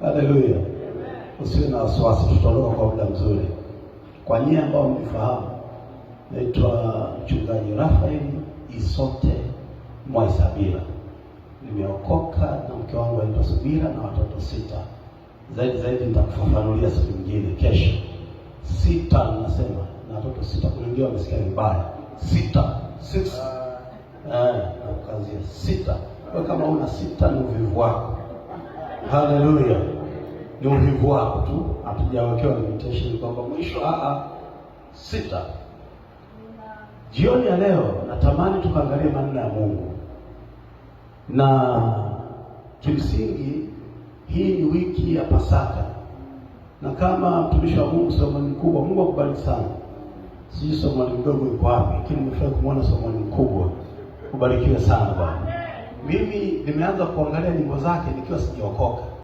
Haleluya! Usiwe na wasiwasi, tutaona kwa muda mzuri. Kwa nyie ambao mnifahamu, naitwa mchungaji Rafael Isote Mwaisabila. Nimeokoka na mke wangu anaitwa Subira na watoto sita. Zaidi zaidi nitakufafanulia siku nyingine, kesho. Sita nasema na watoto sita, kuna wengine wamesikia vibaya sita, six. Ah. Eh, na ukazia sita. Kwa kama una sita ni uvivu wako Haleluya! Ni uvivu wako tu, hatujawekewa limitation kwamba mwisho. Aa, ah, ah, sita jioni ya leo natamani tukaangalie maneno ya Mungu, na kimsingi hii ni wiki ya Pasaka, na kama mtumishi wa Mungu ni Mkubwa, Mungu akubariki sana. Sijui ni mdogo iko wapi, lakini nimefurahi kumwona ni Mkubwa. Kubarikiwe sana bwana mimi nimeanza kuangalia nyimbo zake nikiwa sijaokoka.